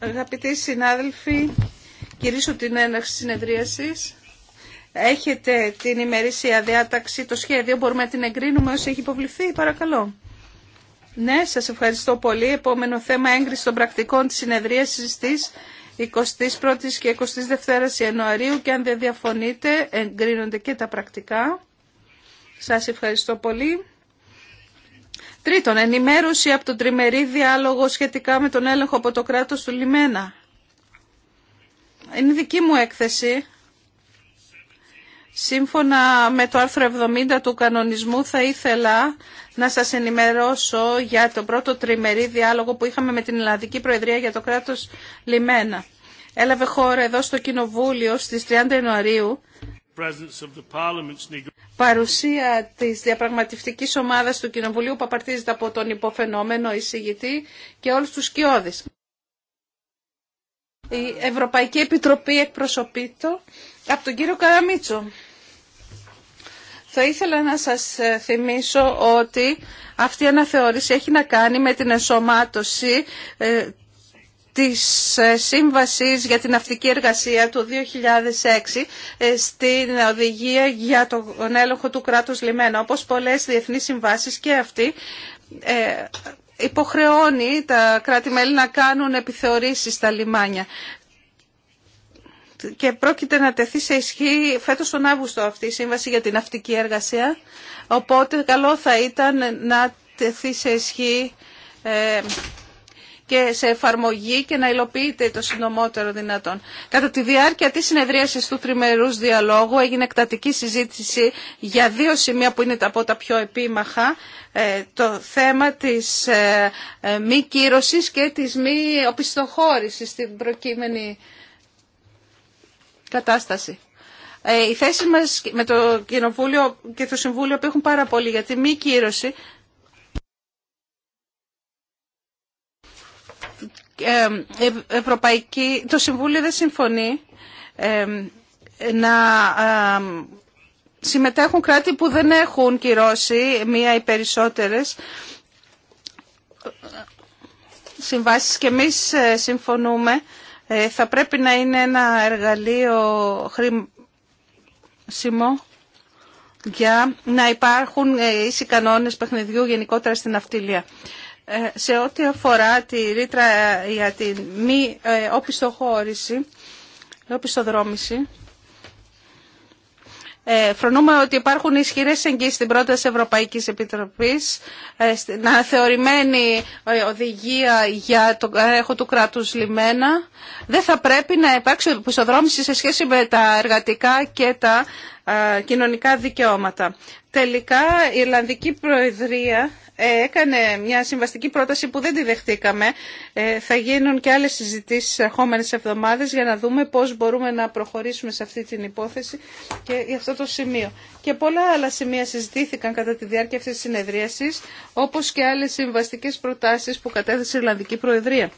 Αγαπητοί συνάδελφοι, κυρίσω την έναρξη συνεδρίασης. Έχετε την ημερήσια διάταξη, το σχέδιο, μπορούμε να την εγκρίνουμε όσοι έχει υποβληθεί, παρακαλώ. Ναι, σας ευχαριστώ πολύ. Επόμενο θέμα έγκριση των πρακτικών της συνεδρίασης της 21ης και 22ης Ιανουαρίου και αν δεν διαφωνείτε εγκρίνονται και τα πρακτικά. Σας ευχαριστώ πολύ. Τρίτον, ενημέρωση από τον τριμερή διάλογο σχετικά με τον έλεγχο από το κράτος του Λιμένα. Είναι δική μου έκθεση. Σύμφωνα με το άρθρο 70 του κανονισμού θα ήθελα να σας ενημερώσω για τον πρώτο τριμερή διάλογο που είχαμε με την Ελλαδική Προεδρία για το κράτος Λιμένα. Έλαβε χώρα εδώ στο Κοινοβούλιο στις 30 Ιανουαρίου Παρουσία της διαπραγματευτικής ομάδας του Κοινοβουλίου που απαρτίζεται από τον υποφαινόμενο εισηγητή και όλους τους σκιώδεις. Η Ευρωπαϊκή Επιτροπή εκπροσωπείται από τον κύριο Καραμίτσο. Θα ήθελα να σας ε, θυμίσω ότι αυτή η αναθεώρηση έχει να κάνει με την ενσωμάτωση ε, της ε, Σύμβασης για την Ναυτική Εργασία του 2006 ε, στην Οδηγία για τον έλεγχο του κράτους λιμένα. Όπως πολλές διεθνείς συμβάσεις και αυτή ε, υποχρεώνει τα κράτη-μέλη να κάνουν επιθεωρήσεις στα λιμάνια. Και πρόκειται να τεθεί σε ισχύ φέτος τον Αύγουστο αυτή η Σύμβαση για την Ναυτική Εργασία. Οπότε καλό θα ήταν να τεθεί σε ισχύ και σε εφαρμογή και να υλοποιείται το συντομότερο δυνατόν. Κατά τη διάρκεια της συνεδρίασης του τριμερούς διαλόγου έγινε εκτατική συζήτηση για δύο σημεία που είναι από τα πιο επίμαχα, ε, το θέμα της ε, ε, μη κύρωσης και της μη οπισθοχώρησης στην προκείμενη κατάσταση. Οι θέσεις μας με το Κοινοβούλιο και το Συμβούλιο που έχουν πάρα πολύ για τη μη κύρωση Ε, ε, Ευρωπαϊκή, το Συμβούλιο δεν συμφωνεί ε, να συμμετέχουν κράτη που δεν έχουν κυρώσει μία ή περισσότερες συμβάσεις και εμείς συμφωνούμε θα πρέπει να είναι ένα εργαλείο χρήσιμο για να υπάρχουν ίσοι κανόνες παιχνιδιού γενικότερα στην αυτιλία. Ε, σε ό,τι αφορά τη ρήτρα ε, για τη μη ε, οπισθοχώρηση, οπισθοδρόμηση, φρονούμε ότι υπάρχουν ισχυρές εγγύσεις στην πρόταση Ευρωπαϊκής Επιτροπής, στην θεωρημένη οδηγία για το έχω του κράτους λιμένα. Δεν θα πρέπει να υπάρξει οπισθοδρόμηση σε σχέση με τα εργατικά και τα κοινωνικά δικαιώματα. Τελικά η Ιρλανδική Προεδρία ε, έκανε μια συμβαστική πρόταση που δεν τη δεχτήκαμε. Ε, θα γίνουν και άλλες συζητήσεις στις ερχόμενες εβδομάδες για να δούμε πώς μπορούμε να προχωρήσουμε σε αυτή την υπόθεση και για αυτό το σημείο. Και πολλά άλλα σημεία συζητήθηκαν κατά τη διάρκεια αυτής της συνεδρίασης, όπως και άλλες συμβαστικές προτάσεις που κατέθεσε η Ιρλανδική Προεδρία.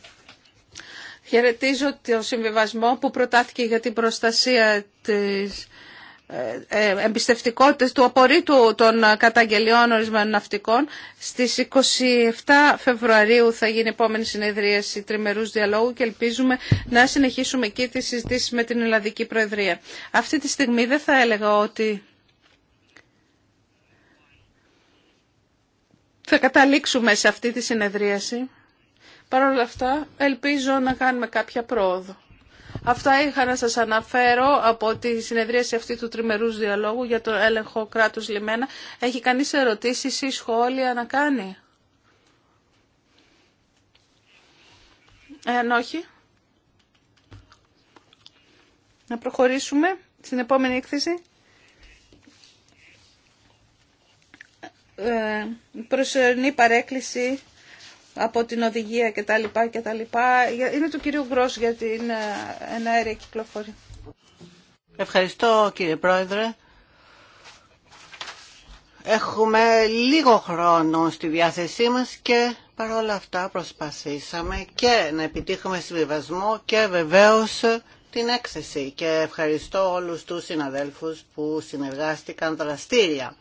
Χαιρετίζω το συμβιβασμό που προτάθηκε για την προστασία της ε, ε, εμπιστευτικότητας του απορρίτου των καταγγελιών ορισμένων ναυτικών. Στις 27 Φεβρουαρίου θα γίνει η επόμενη συνεδρίαση τριμερούς διαλόγου και ελπίζουμε να συνεχίσουμε εκεί τις συζητήσεις με την Ελλαδική Προεδρία. Αυτή τη στιγμή δεν θα έλεγα ότι θα καταλήξουμε σε αυτή τη συνεδρίαση. Παρ' όλα αυτά ελπίζω να κάνουμε κάποια πρόοδο. Αυτά είχα να σας αναφέρω από τη συνεδρίαση αυτή του τριμερούς διαλόγου για το έλεγχο κράτους λιμένα. Έχει κανείς ερωτήσεις ή σχόλια να κάνει. Εάν όχι, να προχωρήσουμε στην επόμενη έκθεση. Ε, προσωρινή παρέκκληση από την οδηγία και τα λοιπά Είναι του κυρίου Γκρός για την ενέργεια κυκλοφορία. Ευχαριστώ κύριε Πρόεδρε. Έχουμε λίγο χρόνο στη διάθεσή μας και παρόλα αυτά προσπαθήσαμε και να επιτύχουμε συμβιβασμό και βεβαίως την έκθεση και ευχαριστώ όλους τους συναδέλφους που συνεργάστηκαν δραστήρια.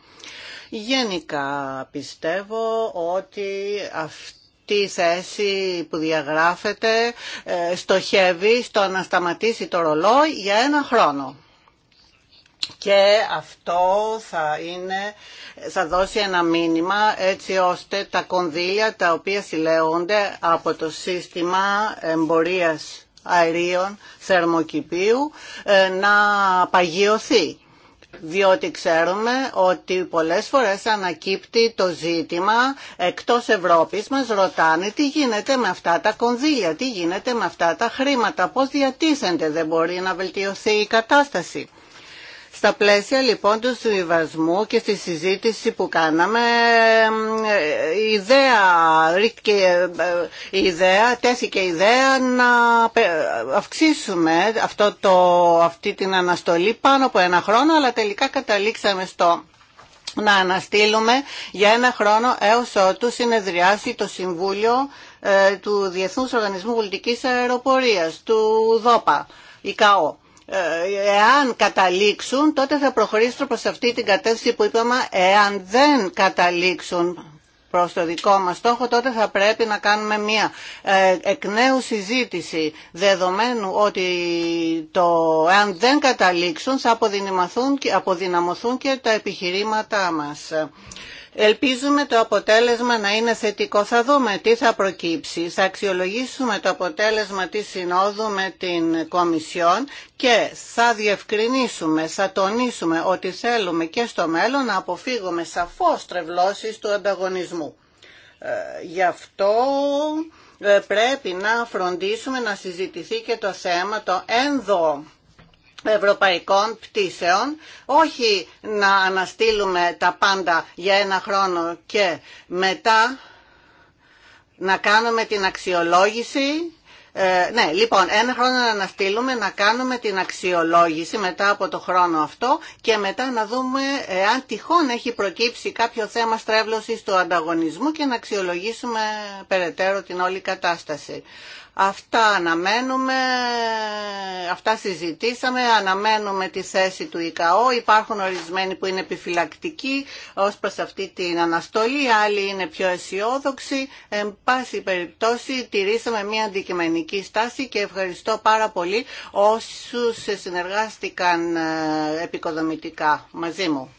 Γενικά πιστεύω ότι αυτή αυτή η θέση που διαγράφεται ε, στοχεύει στο να σταματήσει το ρολόι για ένα χρόνο. Και αυτό θα, είναι, θα δώσει ένα μήνυμα έτσι ώστε τα κονδύλια τα οποία συλλέγονται από το σύστημα εμπορίας αερίων θερμοκηπίου ε, να παγιωθεί διότι ξέρουμε ότι πολλές φορές ανακύπτει το ζήτημα εκτός Ευρώπης μας ρωτάνε τι γίνεται με αυτά τα κονδύλια, τι γίνεται με αυτά τα χρήματα, πώς διατίθενται, δεν μπορεί να βελτιωθεί η κατάσταση. Στα πλαίσια λοιπόν του συμβιβασμού και στη συζήτηση που κάναμε, η ε, ιδέα, η ε, ε, ιδέα τέθηκε η ιδέα να αυξήσουμε αυτό το, αυτή την αναστολή πάνω από ένα χρόνο, αλλά τελικά καταλήξαμε στο να αναστείλουμε για ένα χρόνο έως ότου συνεδριάσει το Συμβούλιο του Διεθνούς Οργανισμού Πολιτικής Αεροπορίας, του ΔΟΠΑ, ΙΚΑΟ εάν καταλήξουν τότε θα προχωρήσουν προς αυτή την κατεύθυνση που είπαμε εάν δεν καταλήξουν προς το δικό μας στόχο, τότε θα πρέπει να κάνουμε μια ε, εκ νέου συζήτηση, δεδομένου ότι το, εάν δεν καταλήξουν θα αποδυναμωθούν και, αποδυναμωθούν και τα επιχειρήματά μας. Ελπίζουμε το αποτέλεσμα να είναι θετικό. Θα δούμε τι θα προκύψει. Θα αξιολογήσουμε το αποτέλεσμα της Συνόδου με την Κομισιόν και θα διευκρινίσουμε, θα τονίσουμε ότι θέλουμε και στο μέλλον να αποφύγουμε σαφώς τρευλώσεις του ανταγωνισμού. Ε, γι' αυτό ε, πρέπει να φροντίσουμε να συζητηθεί και το θέμα το ένδο ευρωπαϊκών πτήσεων, όχι να αναστείλουμε τα πάντα για ένα χρόνο και μετά να κάνουμε την αξιολόγηση. Ε, ναι, λοιπόν, ένα χρόνο να αναστείλουμε, να κάνουμε την αξιολόγηση μετά από το χρόνο αυτό και μετά να δούμε αν τυχόν έχει προκύψει κάποιο θέμα στρέβλωσης του ανταγωνισμού και να αξιολογήσουμε περαιτέρω την όλη κατάσταση. Αυτά αναμένουμε, αυτά συζητήσαμε, αναμένουμε τη θέση του ΙΚΑΟ. Υπάρχουν ορισμένοι που είναι επιφυλακτικοί ως προς αυτή την αναστολή, άλλοι είναι πιο αισιόδοξοι. Εν πάση περιπτώσει, τηρήσαμε μια αντικειμενική στάση και ευχαριστώ πάρα πολύ όσους συνεργάστηκαν ε, επικοδομητικά μαζί μου.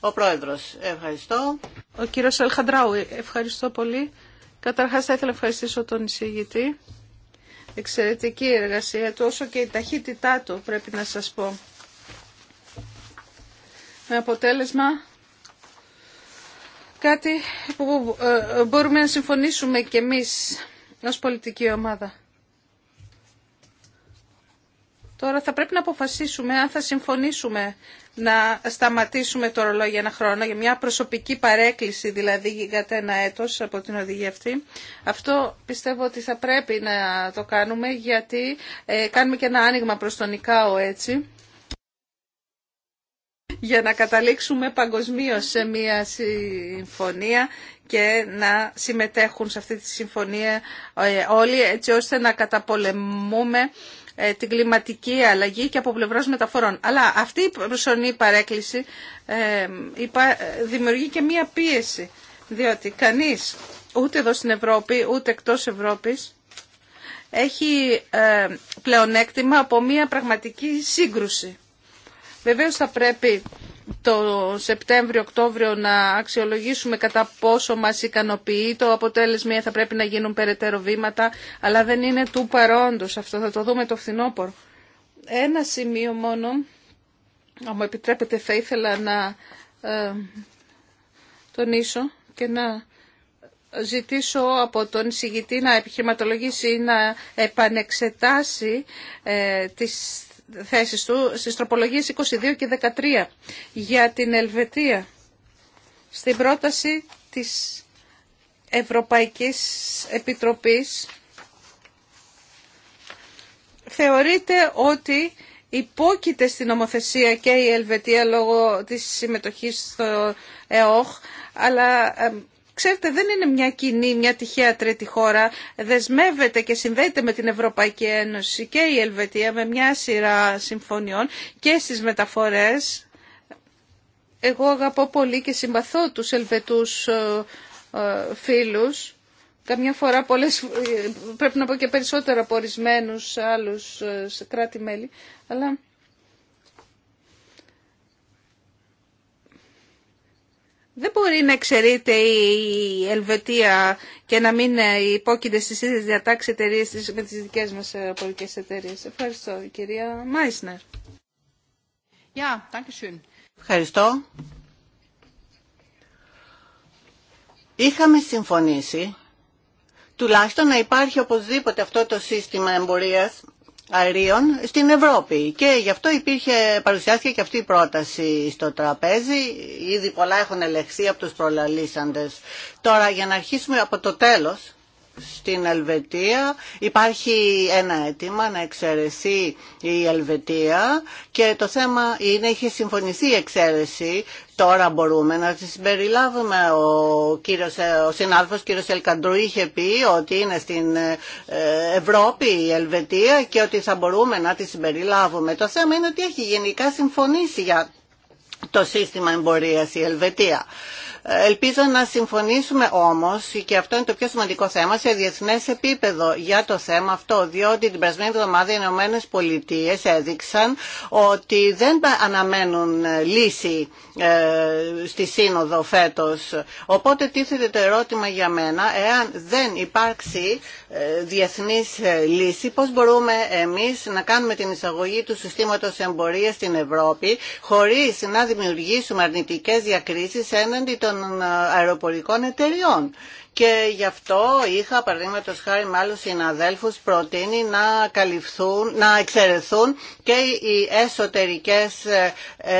Ο Πρόεδρος, ευχαριστώ. Ο κύριος Ελχαντράου, ευχαριστώ πολύ. Καταρχάς θα ήθελα να ευχαριστήσω τον εισηγητή εξαιρετική εργασία του, όσο και η ταχύτητά του, πρέπει να σας πω. Με αποτέλεσμα κάτι που ε, μπορούμε να συμφωνήσουμε κι εμείς ως πολιτική ομάδα. Τώρα θα πρέπει να αποφασίσουμε αν θα συμφωνήσουμε να σταματήσουμε το για ένα χρόνο για μια προσωπική παρέκκληση δηλαδή για ένα έτος από την οδηγία αυτή. Αυτό πιστεύω ότι θα πρέπει να το κάνουμε γιατί ε, κάνουμε και ένα άνοιγμα προς τον ΙΚΑΟ έτσι για να καταλήξουμε παγκοσμίω σε μια συμφωνία και να συμμετέχουν σε αυτή τη συμφωνία ε, όλοι έτσι ώστε να καταπολεμούμε ε, την κλιματική αλλαγή και από πλευρά μεταφορών. Αλλά αυτή η προσωρινή παρέκκληση ε, δημιουργεί και μία πίεση, διότι κανείς ούτε εδώ στην Ευρώπη ούτε εκτός Ευρώπης έχει ε, πλεονέκτημα από μία πραγματική σύγκρουση. Βεβαίως θα πρέπει το Σεπτέμβριο-Οκτώβριο να αξιολογήσουμε κατά πόσο μας ικανοποιεί το αποτέλεσμα θα πρέπει να γίνουν περαιτέρω βήματα, αλλά δεν είναι του παρόντος αυτό, θα το δούμε το φθινόπωρο. Ένα σημείο μόνο, αν μου επιτρέπετε θα ήθελα να ε, τονίσω και να ζητήσω από τον εισηγητή να επιχειρηματολογήσει ή να επανεξετάσει ε, θέσεις του στις τροπολογίες 22 και 13 για την Ελβετία στην πρόταση της Ευρωπαϊκής Επιτροπής θεωρείται ότι υπόκειται στην νομοθεσία και η Ελβετία λόγω της συμμετοχής στο ΕΟΧ αλλά Ξέρετε, δεν είναι μια κοινή, μια τυχαία τρίτη χώρα. Δεσμεύεται και συνδέεται με την Ευρωπαϊκή Ένωση και η Ελβετία με μια σειρά συμφωνιών και στις μεταφορές. Εγώ αγαπώ πολύ και συμπαθώ τους Ελβετούς ε, ε, φίλους. Καμιά φορά πολλές, ε, πρέπει να πω και περισσότερα από ορισμένου άλλους κράτη-μέλη. Αλλά Δεν μπορεί να εξαιρείται η Ελβετία και να μην υπόκειται στις ίδιες διατάξεις εταιρείες με τις δικές μας ε, πολιτικές εταιρείες. Ευχαριστώ, κυρία Μάισνερ. Yeah, Ευχαριστώ. Είχαμε συμφωνήσει τουλάχιστον να υπάρχει οπωσδήποτε αυτό το σύστημα εμπορίας αερίων στην Ευρώπη και γι' αυτό υπήρχε, παρουσιάστηκε και αυτή η πρόταση στο τραπέζι. Ήδη πολλά έχουν ελεγχθεί από τους προλαλήσαντες. Τώρα για να αρχίσουμε από το τέλος, στην Ελβετία υπάρχει ένα αίτημα να εξαιρεθεί η Ελβετία και το θέμα είναι είχε συμφωνηθεί η εξαίρεση τώρα μπορούμε να τη συμπεριλάβουμε ο, κύριος, ο συνάδελφος κύριος Ελκαντρού είχε πει ότι είναι στην ε, Ευρώπη η Ελβετία και ότι θα μπορούμε να τη συμπεριλάβουμε το θέμα είναι ότι έχει γενικά συμφωνήσει για το σύστημα εμπορίας η Ελβετία Ελπίζω να συμφωνήσουμε όμως, και αυτό είναι το πιο σημαντικό θέμα, σε διεθνές επίπεδο για το θέμα αυτό, διότι την περασμένη εβδομάδα οι Ηνωμένε Πολιτείε έδειξαν ότι δεν αναμένουν ε, λύση ε, στη Σύνοδο φέτος. Οπότε τίθεται το ερώτημα για μένα, εάν δεν υπάρξει ε, διεθνής λύση, πώς μπορούμε εμείς να κάνουμε την εισαγωγή του συστήματος εμπορίας στην Ευρώπη, χωρίς να δημιουργήσουμε αρνητικές διακρίσεις έναντι των των ε, αεροπορικών εταιριών. Και γι' αυτό είχα, παραδείγματο χάρη με άλλου συναδέλφου, προτείνει να καλυφθούν, να εξαιρεθούν και οι εσωτερικέ ε,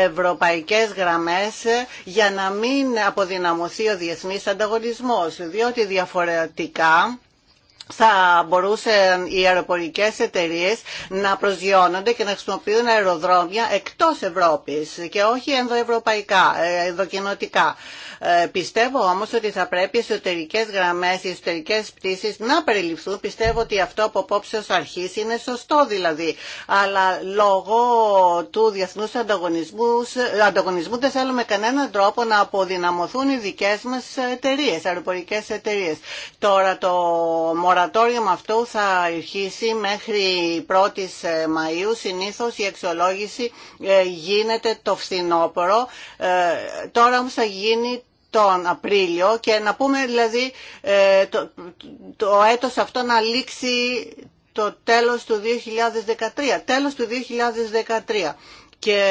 ευρωπαϊκέ γραμμέ ε, για να μην αποδυναμωθεί ο διεθνή ανταγωνισμό. Διότι διαφορετικά θα μπορούσαν οι αεροπορικές εταιρείες να προσγειώνονται και να χρησιμοποιούν αεροδρόμια εκτός Ευρώπης και όχι ενδοευρωπαϊκά, ενδοκοινοτικά ε, πιστεύω όμως ότι θα πρέπει οι εσωτερικές γραμμές, οι εσωτερικές πτήσεις να περιληφθούν. Πιστεύω ότι αυτό από απόψε ως αρχής είναι σωστό δηλαδή. Αλλά λόγω του διεθνούς ανταγωνισμού, δεν θέλουμε κανέναν τρόπο να αποδυναμωθούν οι δικές μας εταιρείε, αεροπορικές εταιρείε. Τώρα το μορατόριο με αυτό θα αρχίσει μέχρι 1η ε, Μαΐου. Συνήθως η αξιολόγηση ε, γίνεται το φθινόπωρο. Τώρα θα γίνει τον Απρίλιο και να πούμε δηλαδή ε, το, το έτος αυτό να λήξει το τέλος του 2013. Τέλος του 2013 και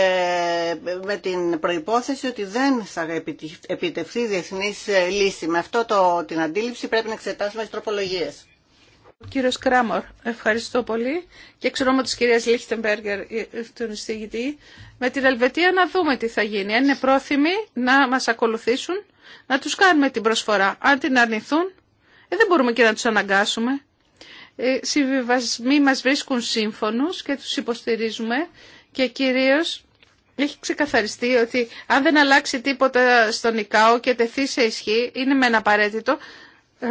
με την προϋπόθεση ότι δεν θα επιτευχθεί διεθνής λύση. Με αυτό το, την αντίληψη πρέπει να εξετάσουμε τις τροπολογίες. Κύριος Κράμορ, ευχαριστώ πολύ και ξέρω με της κυρίας Λίχτεμπεργκερ, ε, ε, τον εισηγητή, με την Ελβετία να δούμε τι θα γίνει. είναι πρόθυμοι να μας ακολουθήσουν, να τους κάνουμε την προσφορά. Αν την αρνηθούν, ε, δεν μπορούμε και να τους αναγκάσουμε. Ε, συμβιβασμοί μας βρίσκουν σύμφωνους και τους υποστηρίζουμε και κυρίως έχει ξεκαθαριστεί ότι αν δεν αλλάξει τίποτα στον ΙΚΑΟ και τεθεί σε ισχύ, είναι ένα απαραίτητο, ε,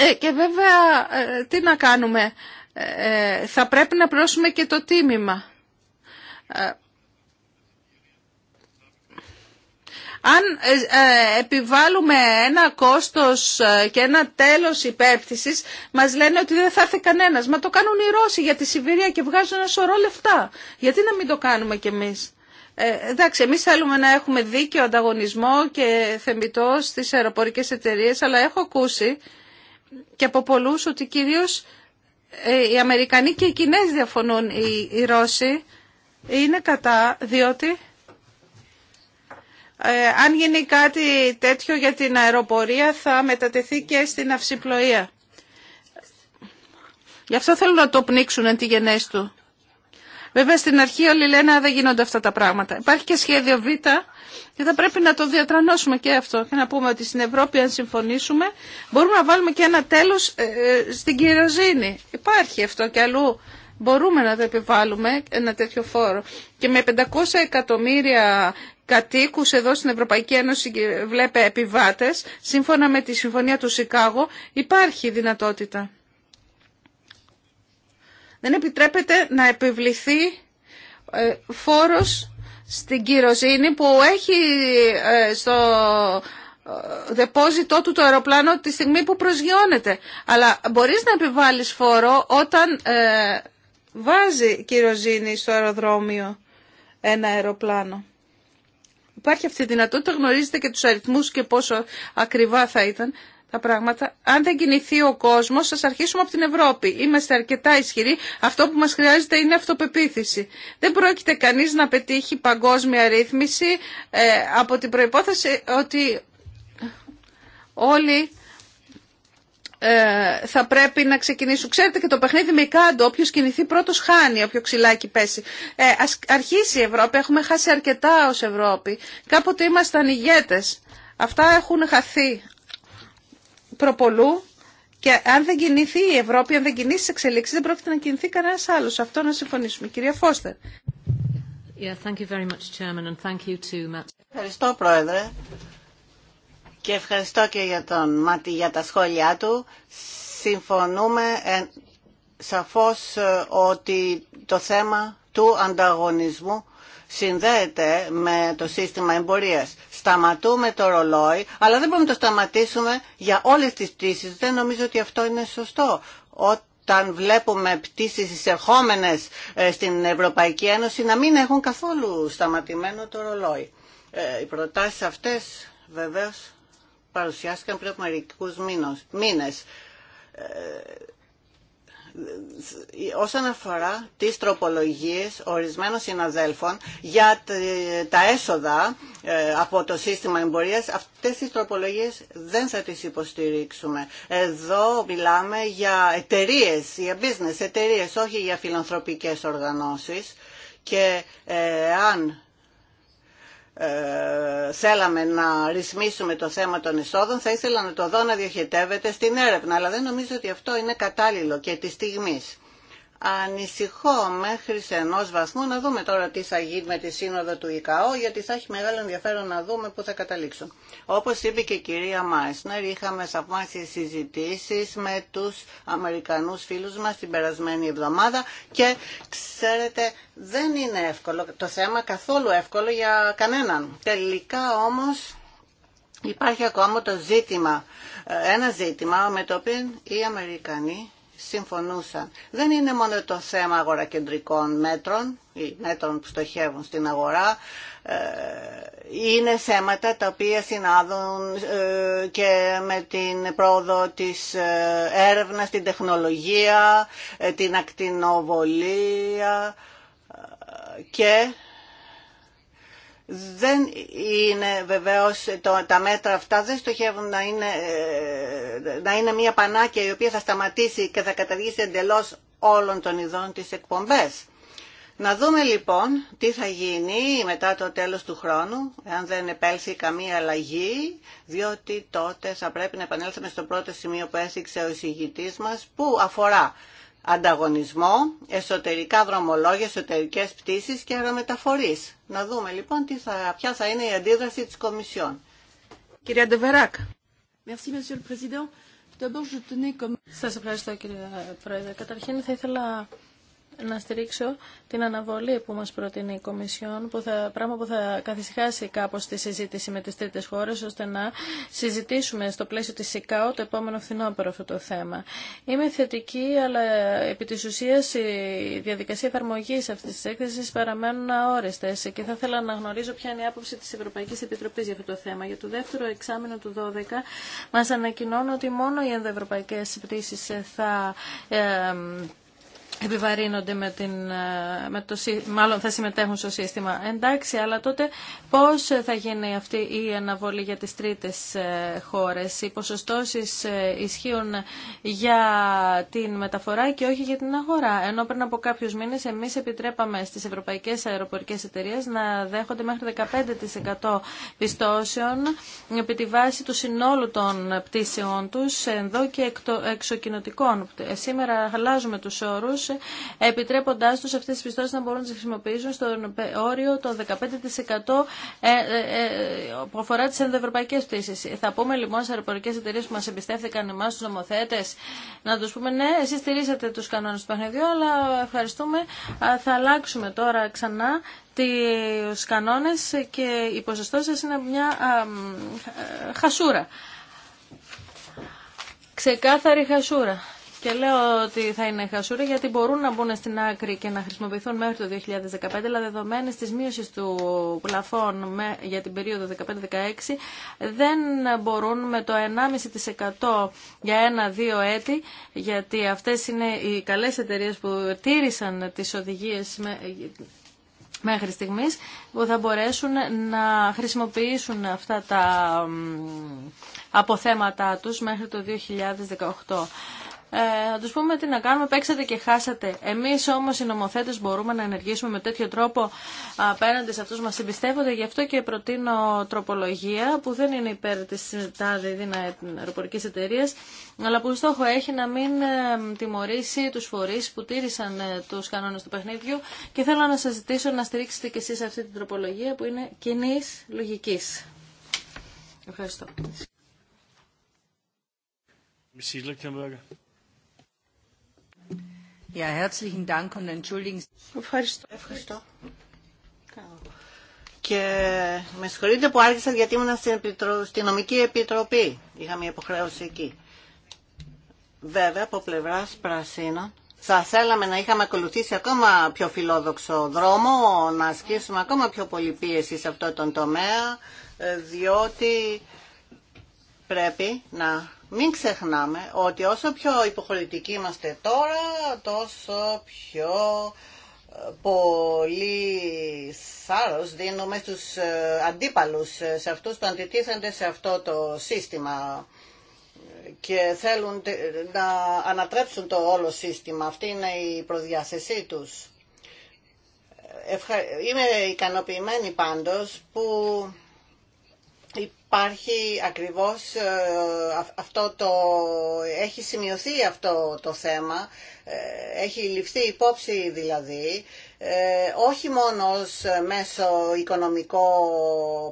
ε, και βέβαια ε, τι να κάνουμε, ε, θα πρέπει να πληρώσουμε και το τίμημα. Αν επιβάλλουμε ένα κόστος και ένα τέλος υπέπτυσης, μας λένε ότι δεν θα έρθει κανένας. Μα το κάνουν οι Ρώσοι για τη Σιβηρία και βγάζουν ένα σωρό λεφτά. Γιατί να μην το κάνουμε κι εμείς. Ε, εντάξει, εμεί θέλουμε να έχουμε δίκαιο ανταγωνισμό και θεμητό στις αεροπορικέ εταιρείε, αλλά έχω ακούσει και από πολλούς ότι κυρίως ε, οι Αμερικανοί και οι Κινέζοι διαφωνούν οι Ρώσοι είναι κατά διότι ε, αν γίνει κάτι τέτοιο για την αεροπορία θα μετατεθεί και στην αυσιπλοεία. Γι' αυτό θέλουν να το πνίξουν αντιγενές του. Βέβαια στην αρχή όλοι λένε δεν γίνονται αυτά τα πράγματα. Υπάρχει και σχέδιο Β και θα πρέπει να το διατρανώσουμε και αυτό και να πούμε ότι στην Ευρώπη αν συμφωνήσουμε μπορούμε να βάλουμε και ένα τέλος ε, ε, στην Κυριοζήνη. Υπάρχει αυτό και αλλού μπορούμε να το επιβάλλουμε ένα τέτοιο φόρο. Και με 500 εκατομμύρια κατοίκου εδώ στην Ευρωπαϊκή Ένωση βλέπε επιβάτες, σύμφωνα με τη Συμφωνία του Σικάγο, υπάρχει δυνατότητα δεν επιτρέπεται να επιβληθεί ε, φόρος στην κυροζήνη που έχει ε, στο ε, δεπόζιτό του το αεροπλάνο τη στιγμή που προσγειώνεται. Αλλά μπορείς να επιβάλλεις φόρο όταν βάζει κυροζίνη στο αεροδρόμιο ένα αεροπλάνο. Υπάρχει αυτή η δυνατότητα, γνωρίζετε και τους αριθμούς και πόσο ακριβά θα ήταν τα πράγματα. Αν δεν κινηθεί ο κόσμος, σας αρχίσουμε από την Ευρώπη. Είμαστε αρκετά ισχυροί. Αυτό που μας χρειάζεται είναι αυτοπεποίθηση. Δεν πρόκειται κανείς να πετύχει παγκόσμια ρύθμιση ε, από την προϋπόθεση ότι όλοι ε, θα πρέπει να ξεκινήσουν. Ξέρετε και το παιχνίδι με κάτω, όποιο κινηθεί πρώτο χάνει, όποιο ξυλάκι πέσει. Ε, αρχίσει η Ευρώπη, έχουμε χάσει αρκετά ω Ευρώπη. Κάποτε ήμασταν ηγέτε. Αυτά έχουν χαθεί προπολού και αν δεν κινηθεί η Ευρώπη, αν δεν κινήσει τι εξελίξει, δεν πρόκειται να κινηθεί κανένα άλλο. Αυτό να συμφωνήσουμε. Κυρία Φώστερ. Ευχαριστώ, Πρόεδρε. Και ευχαριστώ και για τον Μάτι για τα σχόλιά του. Συμφωνούμε σαφώ ε, σαφώς ε, ότι το θέμα του ανταγωνισμού συνδέεται με το σύστημα εμπορίας σταματούμε το ρολόι, αλλά δεν μπορούμε να το σταματήσουμε για όλες τις πτήσεις. Δεν νομίζω ότι αυτό είναι σωστό. Όταν βλέπουμε πτήσεις εισερχόμενες ε, στην Ευρωπαϊκή Ένωση να μην έχουν καθόλου σταματημένο το ρολόι. Ε, οι προτάσεις αυτές βεβαίως παρουσιάστηκαν πριν από μερικούς μήνες. Ε, όσον αφορά τις τροπολογίες ορισμένων συναδέλφων για τα έσοδα ε, από το σύστημα εμπορίας, αυτές τις τροπολογίες δεν θα τις υποστηρίξουμε. Εδώ μιλάμε για εταιρείε, για business εταιρείε, όχι για φιλανθρωπικές οργανώσεις και ε, αν ε, θέλαμε να ρυθμίσουμε το θέμα των εισόδων θα ήθελα να το δω να διοχετεύεται στην έρευνα, αλλά δεν νομίζω ότι αυτό είναι κατάλληλο και τη στιγμής. Ανησυχώ μέχρι σε ενό βαθμού να δούμε τώρα τι θα γίνει με τη σύνοδο του ΙΚΑΟ, γιατί θα έχει μεγάλο ενδιαφέρον να δούμε πού θα καταλήξουν. Όπω είπε και η κυρία Μάισνερ, είχαμε θαυμάσει συζητήσει με του Αμερικανού φίλου μα την περασμένη εβδομάδα και ξέρετε, δεν είναι εύκολο το θέμα, καθόλου εύκολο για κανέναν. Τελικά όμω υπάρχει ακόμα το ζήτημα, ε, ένα ζήτημα με το οποίο οι Αμερικανοί συμφωνούσαν. Δεν είναι μόνο το θέμα αγορακεντρικών μέτρων ή μέτρων που στοχεύουν στην αγορά. Ε, είναι θέματα τα οποία συνάδουν ε, και με την πρόοδο της ε, έρευνας, την τεχνολογία, την ακτινοβολία και δεν είναι βεβαίως, το, τα μέτρα αυτά δεν στοχεύουν να είναι, ε, να είναι μια πανάκια η οποία θα σταματήσει και θα καταργήσει εντελώς όλων των ειδών τις εκπομπές. Να δούμε λοιπόν τι θα γίνει μετά το τέλος του χρόνου, αν δεν επέλθει καμία αλλαγή, διότι τότε θα πρέπει να επανέλθουμε στο πρώτο σημείο που έθιξε ο εισηγητής μας, που αφορά ανταγωνισμό, εσωτερικά δρομολόγια, εσωτερικές πτήσεις και αερομεταφορείς. Να δούμε λοιπόν τι θα, ποια θα είναι η αντίδραση της Κομισιόν. Κυρία Ντεβεράκ. Merci, Monsieur le Président. Σας ευχαριστώ κύριε Πρόεδρε. Καταρχήν θα ήθελα να στηρίξω την αναβολή που μας προτείνει η Κομισιόν, που θα, πράγμα που θα καθυσυχάσει κάπως τη συζήτηση με τις τρίτες χώρες, ώστε να συζητήσουμε στο πλαίσιο της ΣΥΚΑΟ το επόμενο φθινόπωρο αυτό το θέμα. Είμαι θετική, αλλά επί της ουσίας η διαδικασία εφαρμογή αυτής της έκθεσης παραμένουν αόριστες και θα ήθελα να γνωρίζω ποια είναι η άποψη της Ευρωπαϊκής Επιτροπής για αυτό το θέμα. Για το δεύτερο εξάμεινο του 2012 μας ανακοινώνουν ότι μόνο οι ενδοευρωπαϊκές πτήσεις θα... Ε, επιβαρύνονται με, την, ε, με το, μάλλον θα συμμετέχουν στο σύστημα. Εντάξει, αλλά τότε πώς θα γίνει αυτή η αναβολή για τις τρίτες ε, χώρες. Οι ποσοστώσεις ε, ισχύουν για την μεταφορά και όχι για την αγορά. Ενώ πριν από κάποιους μήνες εμείς επιτρέπαμε στις ευρωπαϊκές αεροπορικές εταιρείες να δέχονται μέχρι 15% πιστώσεων επί τη βάση του συνόλου των πτήσεών τους εδώ και εξοκοινωτικών. Σήμερα αλλάζουμε τους όρους επιτρέποντάς τους αυτές τις πιστώσεις να μπορούν να τι χρησιμοποιήσουν στο όριο το 15% ε, ε, ε, που αφορά τι ενδοευρωπαϊκέ πτήσεις. Θα πούμε λοιπόν σε αεροπορικέ εταιρείε που μας εμπιστεύτηκαν εμά του νομοθέτε να τους πούμε ναι, εσείς στηρίζετε τους κανόνες του παιχνιδιού, αλλά ευχαριστούμε, θα αλλάξουμε τώρα ξανά του κανόνε και η ποσοστό σα είναι μια χασούρα. Ξεκάθαρη χασούρα. Και λέω ότι θα είναι χασούρι γιατί μπορούν να μπουν στην άκρη και να χρησιμοποιηθούν μέχρι το 2015, αλλά δεδομένε της μείωσης του πλαφών για την περίοδο 15-16 δεν μπορούν με το 1,5% για ένα-δύο έτη, γιατί αυτές είναι οι καλές εταιρείες που τήρησαν τις οδηγίες μέχρι στιγμής, που θα μπορέσουν να χρησιμοποιήσουν αυτά τα αποθέματά τους μέχρι το 2018 ε, να του πούμε τι να κάνουμε, παίξατε και χάσατε. Εμεί όμω οι νομοθέτε μπορούμε να ενεργήσουμε με τέτοιο τρόπο απέναντι σε αυτούς μα εμπιστεύονται. Γι' αυτό και προτείνω τροπολογία που δεν είναι υπέρ τη τάδε δίνα δηλαδή αεροπορική εταιρεία, αλλά που στόχο έχει να μην ε, τιμωρήσει του φορεί που τήρησαν ε, του κανόνε του παιχνίδιου και θέλω να σα ζητήσω να στηρίξετε και εσεί αυτή την τροπολογία που είναι κοινή λογική. Ευχαριστώ. Ευχαριστώ. Ευχαριστώ. Και με συγχωρείτε που άρχισα γιατί ήμουν στην, Επιτρο... στην νομική επιτροπή. Είχαμε μια υποχρέωση εκεί. Βέβαια, από πλευρά πρασίνων, θα θέλαμε να είχαμε ακολουθήσει ακόμα πιο φιλόδοξο δρόμο, να ασκήσουμε ακόμα πιο πολύ πίεση σε αυτό τον τομέα, ε, διότι πρέπει να μην ξεχνάμε ότι όσο πιο υποχρεωτικοί είμαστε τώρα, τόσο πιο ε, πολύ θάρρο δίνουμε στους ε, αντίπαλους, ε, σε αυτούς που αντιτίθενται σε αυτό το σύστημα και θέλουν να ανατρέψουν το όλο σύστημα. Αυτή είναι η προδιάθεσή τους. Είμαι ικανοποιημένη πάντως που υπάρχει ακριβώς ε, αυτό το, έχει σημειωθεί αυτό το θέμα, ε, έχει ληφθεί υπόψη δηλαδή, ε, όχι μόνο ως μέσο οικονομικό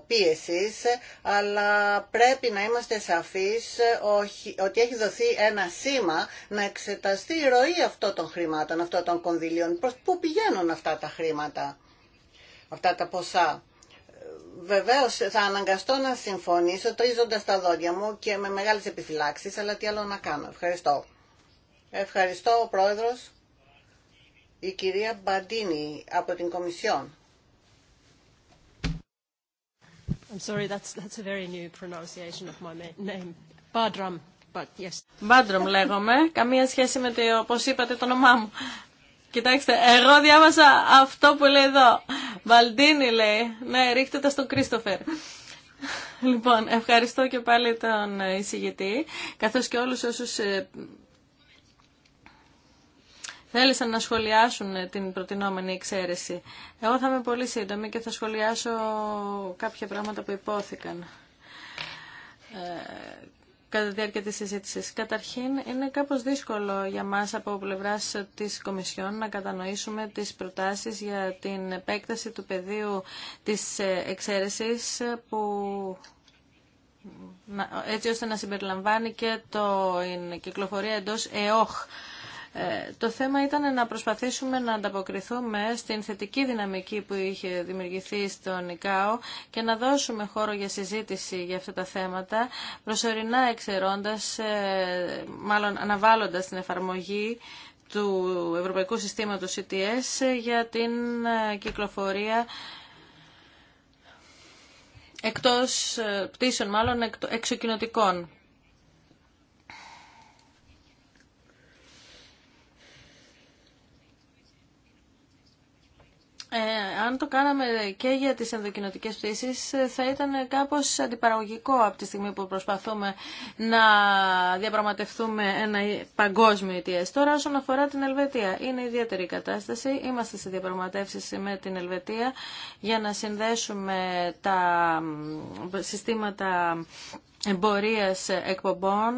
πίεσης, αλλά πρέπει να είμαστε σαφείς ότι έχει δοθεί ένα σήμα να εξεταστεί η ροή αυτών των χρημάτων, αυτών των κονδυλίων, προς πού πηγαίνουν αυτά τα χρήματα, αυτά τα ποσά. Βεβαίως θα αναγκαστώ να συμφωνήσω τρίζοντας τα δόντια μου και με μεγάλες επιφυλάξεις, αλλά τι άλλο να κάνω. Ευχαριστώ. Ευχαριστώ ο Πρόεδρος, η κυρία Μπαντίνη από την Κομισιόν. I'm sorry, that's, that's a very new pronunciation of my name. Badram, but yes. Badram λέγομαι, καμία σχέση με το πώς είπατε το όνομά μου. Κοιτάξτε, εγώ διάβασα αυτό που λέει εδώ. Βαλντίνη λέει. Ναι, ρίχτε τα στον Κρίστοφερ. λοιπόν, ευχαριστώ και πάλι τον εισηγητή, καθώς και όλους όσους ε, θέλησαν να σχολιάσουν την προτινόμενη εξαίρεση. Εγώ θα είμαι πολύ σύντομη και θα σχολιάσω κάποια πράγματα που υπόθηκαν. Ε, κατά Καταρχήν, είναι κάπως δύσκολο για μας από πλευράς της Κομισιόν να κατανοήσουμε τις προτάσεις για την επέκταση του πεδίου της εξαίρεσης που έτσι ώστε να συμπεριλαμβάνει και το, κυκλοφορία εντός ΕΟΧ. Ε, το θέμα ήταν να προσπαθήσουμε να ανταποκριθούμε στην θετική δυναμική που είχε δημιουργηθεί στον ΙΚΑΟ και να δώσουμε χώρο για συζήτηση για αυτά τα θέματα, προσωρινά εξαιρώντας, ε, μάλλον αναβάλλοντας την εφαρμογή του Ευρωπαϊκού Συστήματος ETS για την ε, κυκλοφορία εκτός πτήσεων, μάλλον εξοκοινωτικών. Ε, αν το κάναμε και για τις ενδοκινοτικές πτήσεις ε, θα ήταν κάπως αντιπαραγωγικό από τη στιγμή που προσπαθούμε να διαπραγματευτούμε ένα παγκόσμιο ETS. Τώρα όσον αφορά την Ελβετία, είναι ιδιαίτερη η κατάσταση. Είμαστε σε διαπραγματεύσεις με την Ελβετία για να συνδέσουμε τα συστήματα εμπορίας εκπομπών.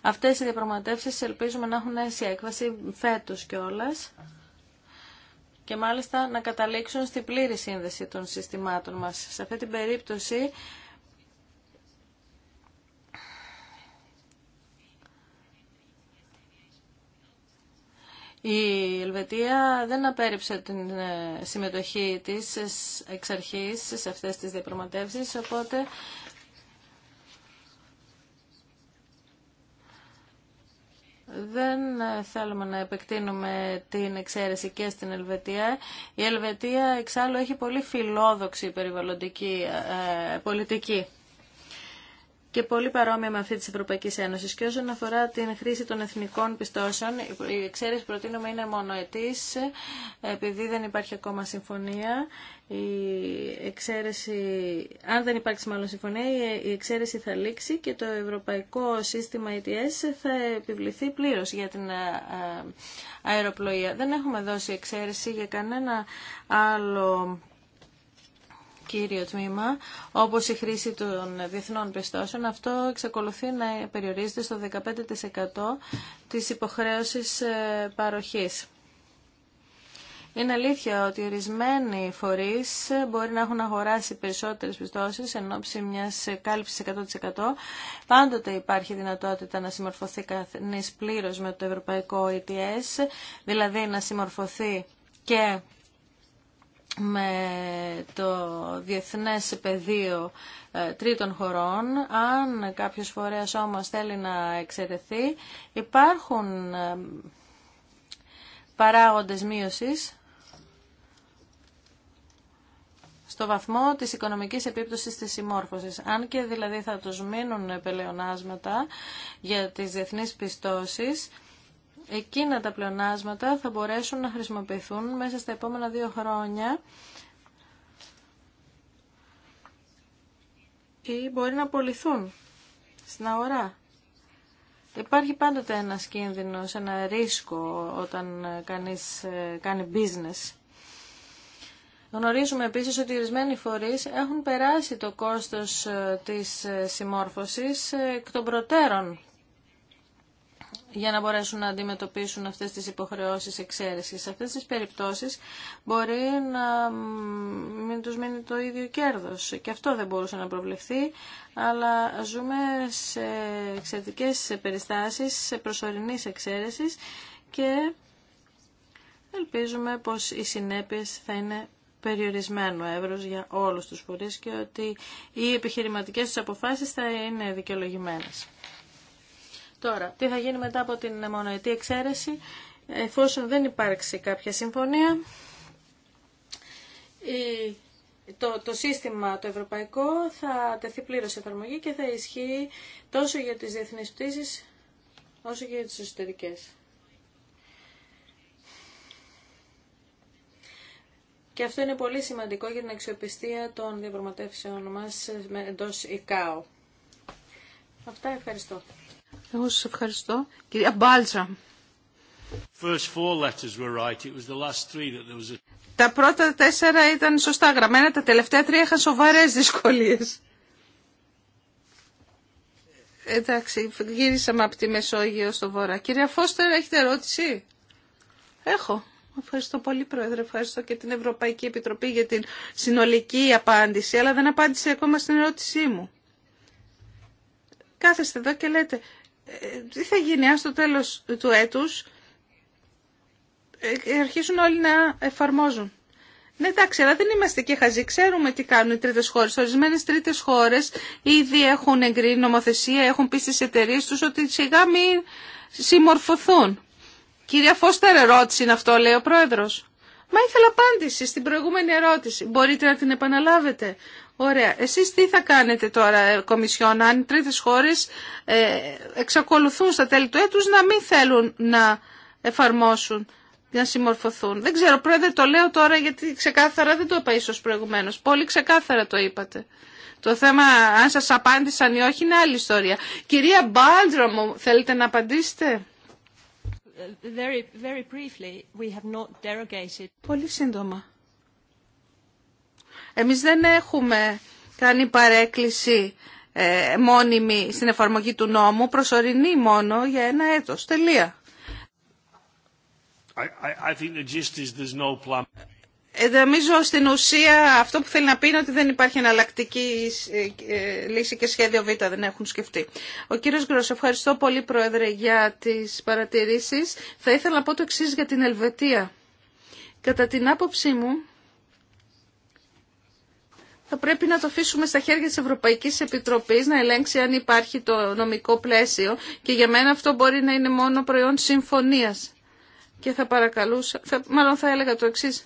Αυτές οι διαπραγματεύσεις ελπίζουμε να έχουν αίσια έκβαση φέτος κιόλας και μάλιστα να καταλήξουν στη πλήρη σύνδεση των συστημάτων μας. Σε αυτή την περίπτωση Η Ελβετία δεν απέρριψε την ε, συμμετοχή της εξ αρχής σε αυτές τις διαπραγματεύσεις, οπότε Δεν θέλουμε να επεκτείνουμε την εξαίρεση και στην Ελβετία. Η Ελβετία εξάλλου έχει πολύ φιλόδοξη περιβαλλοντική ε, πολιτική και πολύ παρόμοια με αυτή τη Ευρωπαϊκή Ένωση. Και όσον αφορά την χρήση των εθνικών πιστώσεων, η εξαίρεση προτείνουμε είναι μονοετής, επειδή δεν υπάρχει ακόμα συμφωνία. Η εξαίρεση, αν δεν υπάρξει μάλλον συμφωνία, η εξαίρεση θα λήξει και το ευρωπαϊκό σύστημα ETS ε θα επιβληθεί πλήρω για την ε, ε, αεροπλοεία. Δεν έχουμε δώσει εξαίρεση για κανένα άλλο κύριο τμήμα, όπως η χρήση των διεθνών πιστώσεων, αυτό εξακολουθεί να περιορίζεται στο 15% της υποχρέωσης ε, παροχής. Είναι αλήθεια ότι ορισμένοι φορείς ε, μπορεί να έχουν αγοράσει περισσότερες πιστώσεις εν ώψη μιας ε, κάλυψης 100%. Πάντοτε υπάρχει δυνατότητα να συμμορφωθεί κανείς πλήρως με το ευρωπαϊκό ETS, δηλαδή να συμμορφωθεί και με το διεθνές πεδίο ε, τρίτων χωρών. Αν κάποιος φορέας όμως θέλει να εξαιρεθεί, υπάρχουν ε, παράγοντες μείωσης στο βαθμό της οικονομικής επίπτωσης της συμμόρφωσης. Αν και δηλαδή θα τους μείνουν πελεονάσματα για τις διεθνείς πιστώσεις, εκείνα τα πλεονάσματα θα μπορέσουν να χρησιμοποιηθούν μέσα στα επόμενα δύο χρόνια ή μπορεί να απολυθούν στην αγορά. Υπάρχει πάντοτε ένας κίνδυνος, ένα ρίσκο όταν κανείς ε, κάνει business. Γνωρίζουμε επίσης ότι οι ορισμένοι φορείς έχουν περάσει το κόστος ε, της ε, συμμόρφωσης εκ των προτέρων για να μπορέσουν να αντιμετωπίσουν αυτές τις υποχρεώσεις εξαίρεσης. Σε αυτές τις περιπτώσεις μπορεί να μην τους μείνει το ίδιο κέρδος και αυτό δεν μπορούσε να προβλεφθεί, αλλά ζούμε σε εξαιρετικές περιστάσεις, σε προσωρινής εξαίρεσης και ελπίζουμε πως οι συνέπειες θα είναι περιορισμένο εύρος για όλους τους φορείς και ότι οι επιχειρηματικές τους αποφάσεις θα είναι δικαιολογημένες. Τώρα, τι θα γίνει μετά από την μονοετή εξαίρεση, εφόσον δεν υπάρξει κάποια συμφωνία, το, το σύστημα το ευρωπαϊκό θα τεθεί πλήρως εφαρμογή και θα ισχύει τόσο για τις διεθνείς πτήσεις όσο και για τις εσωτερικές. Και αυτό είναι πολύ σημαντικό για την αξιοπιστία των διαπραγματεύσεων μας εντός ΙΚΑΟ. Αυτά ευχαριστώ. Εγώ σας ευχαριστώ. Κυρία Μπάλτσα. Τα πρώτα τέσσερα ήταν σωστά γραμμένα, τα τελευταία τρία είχαν σοβαρές δυσκολίες. Εντάξει, γύρισαμε από τη Μεσόγειο στο Βορρά. Κυρία Φώστερ, έχετε ερώτηση? Έχω. Ευχαριστώ πολύ, Πρόεδρε. Ευχαριστώ και την Ευρωπαϊκή Επιτροπή για την συνολική απάντηση, αλλά δεν απάντησε ακόμα στην ερώτησή μου. Κάθεστε εδώ και λέτε ε, τι θα γίνει αν στο τέλος του έτους ε, αρχίσουν όλοι να εφαρμόζουν. Ναι, εντάξει, αλλά δεν είμαστε και χαζοί. Ξέρουμε τι κάνουν οι τρίτε χώρε. Ορισμένε τρίτε χώρε ήδη έχουν εγκρίνει νομοθεσία, έχουν πει στι εταιρείε του ότι σιγά μην συμμορφωθούν. Κυρία Φώστερ, ερώτηση είναι αυτό, λέει ο πρόεδρο. Μα ήθελα απάντηση στην προηγούμενη ερώτηση. Μπορείτε να την επαναλάβετε. Ωραία. Εσείς τι θα κάνετε τώρα, ε, Κομισιόν, αν οι τρίτες χώρες ε, εξακολουθούν στα τέλη του έτους να μην θέλουν να εφαρμόσουν, να συμμορφωθούν. Δεν ξέρω, πρόεδρε, το λέω τώρα γιατί ξεκάθαρα δεν το είπα ίσως προηγουμένως. Πολύ ξεκάθαρα το είπατε. Το θέμα αν σας απάντησαν ή όχι είναι άλλη ιστορία. Κυρία Μπάντρο μου, θέλετε να απαντήσετε. Πολύ σύντομα. Εμείς δεν έχουμε κάνει παρέκκληση ε, μόνιμη στην εφαρμογή του νόμου, προσωρινή μόνο για ένα έτος. Τελεία. I, I, I think the gist is no plan. Ε, νομίζω στην ουσία αυτό που θέλει να πει είναι ότι δεν υπάρχει εναλλακτική ε, ε, λύση και σχέδιο Β δεν έχουν σκεφτεί. Ο κύριος Γκρος, ευχαριστώ πολύ Πρόεδρε για τις παρατηρήσεις. Θα ήθελα να πω το εξή για την Ελβετία. Κατά την άποψή μου θα πρέπει να το αφήσουμε στα χέρια της Ευρωπαϊκής Επιτροπής να ελέγξει αν υπάρχει το νομικό πλαίσιο και για μένα αυτό μπορεί να είναι μόνο προϊόν συμφωνίας. Και θα παρακαλούσα, θα, μάλλον θα έλεγα το εξής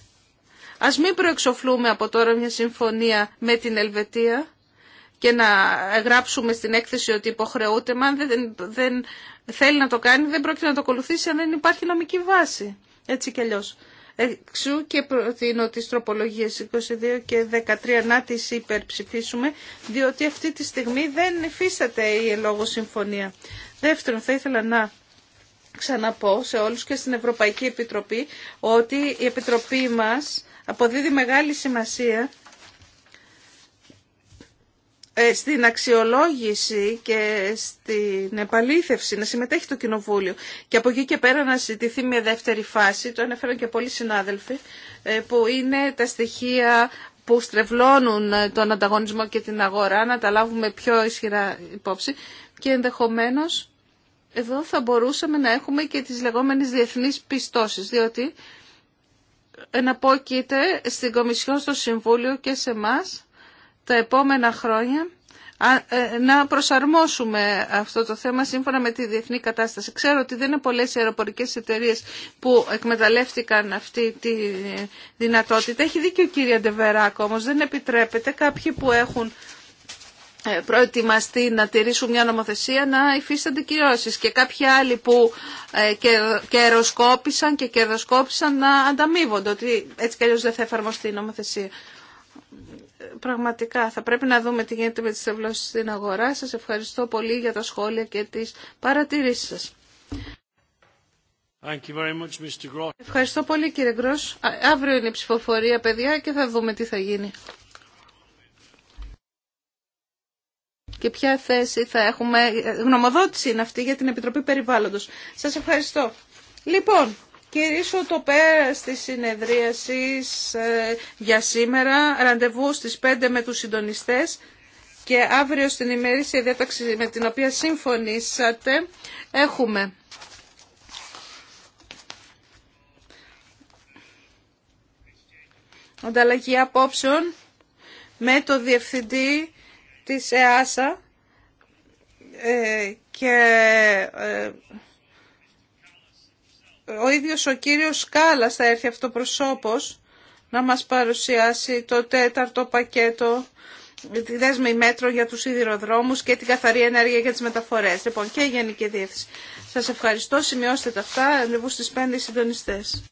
Ας μην προεξοφλούμε από τώρα μια συμφωνία με την Ελβετία και να γράψουμε στην έκθεση ότι υποχρεούται, μα αν δεν, δεν θέλει να το κάνει, δεν πρόκειται να το ακολουθήσει αν δεν υπάρχει νομική βάση. Έτσι κι αλλιώς. Εξού και προτείνω τις τροπολογίες 22 και 13 να τις υπερψηφίσουμε, διότι αυτή τη στιγμή δεν υφίσταται η ελόγω συμφωνία. Δεύτερον, θα ήθελα να ξαναπώ σε όλους και στην Ευρωπαϊκή Επιτροπή ότι η Επιτροπή μας αποδίδει μεγάλη σημασία ε, στην αξιολόγηση και στην επαλήθευση, να συμμετέχει το Κοινοβούλιο. Και από εκεί και πέρα να συζητηθεί μια δεύτερη φάση, το ανέφεραν και πολλοί συνάδελφοι, ε, που είναι τα στοιχεία που στρεβλώνουν τον ανταγωνισμό και την αγορά, να τα λάβουμε πιο ισχυρά υπόψη και ενδεχομένως εδώ θα μπορούσαμε να έχουμε και τις λεγόμενες διεθνείς πιστώσεις, διότι εναπόκειται στην Κομισιόν, στο Συμβούλιο και σε εμά τα επόμενα χρόνια ε, να προσαρμόσουμε αυτό το θέμα σύμφωνα με τη διεθνή κατάσταση. Ξέρω ότι δεν είναι πολλές οι αεροπορικές εταιρείες που εκμεταλλεύτηκαν αυτή τη δυνατότητα. Έχει δίκιο κύριε Ντεβεράκο όμως, δεν επιτρέπεται κάποιοι που έχουν ε, προετοιμαστεί να τηρήσουν μια νομοθεσία να υφίστανται κυρώσεις και κάποιοι άλλοι που ε, καιροσκόπησαν και κερδοσκόπησαν να ανταμείβονται ότι έτσι κι δεν θα εφαρμοστεί η νομοθεσία. Πραγματικά θα πρέπει να δούμε τι γίνεται με τις ευλώσεις στην αγορά. Σας ευχαριστώ πολύ για τα σχόλια και τις παρατηρήσεις σας. Thank you very much, Mr. Ευχαριστώ πολύ κύριε Γκρός. Αύριο είναι η ψηφοφορία παιδιά και θα δούμε τι θα γίνει. και ποια θέση θα έχουμε. Γνωμοδότηση είναι αυτή για την Επιτροπή Περιβάλλοντος. Σας ευχαριστώ. Λοιπόν, κυρίσω το πέρα στη συνεδρίαση ε, για σήμερα. Ραντεβού στις 5 με τους συντονιστές και αύριο στην ημερήσια διάταξη με την οποία συμφωνήσατε έχουμε... Ανταλλαγή απόψεων με το Διευθυντή της ΕΑΣΑ ε, και ε, ο ίδιος ο κύριος Σκάλας θα έρθει αυτό αυτοπροσώπος να μας παρουσιάσει το τέταρτο πακέτο τη δέσμη μέτρο για τους σιδηροδρόμους και την καθαρή ενέργεια για τις μεταφορές. Λοιπόν, και η Γενική Διεύθυνση. Σας ευχαριστώ. Σημειώστε τα αυτά. Ρεβού στις πέντε συντονιστές.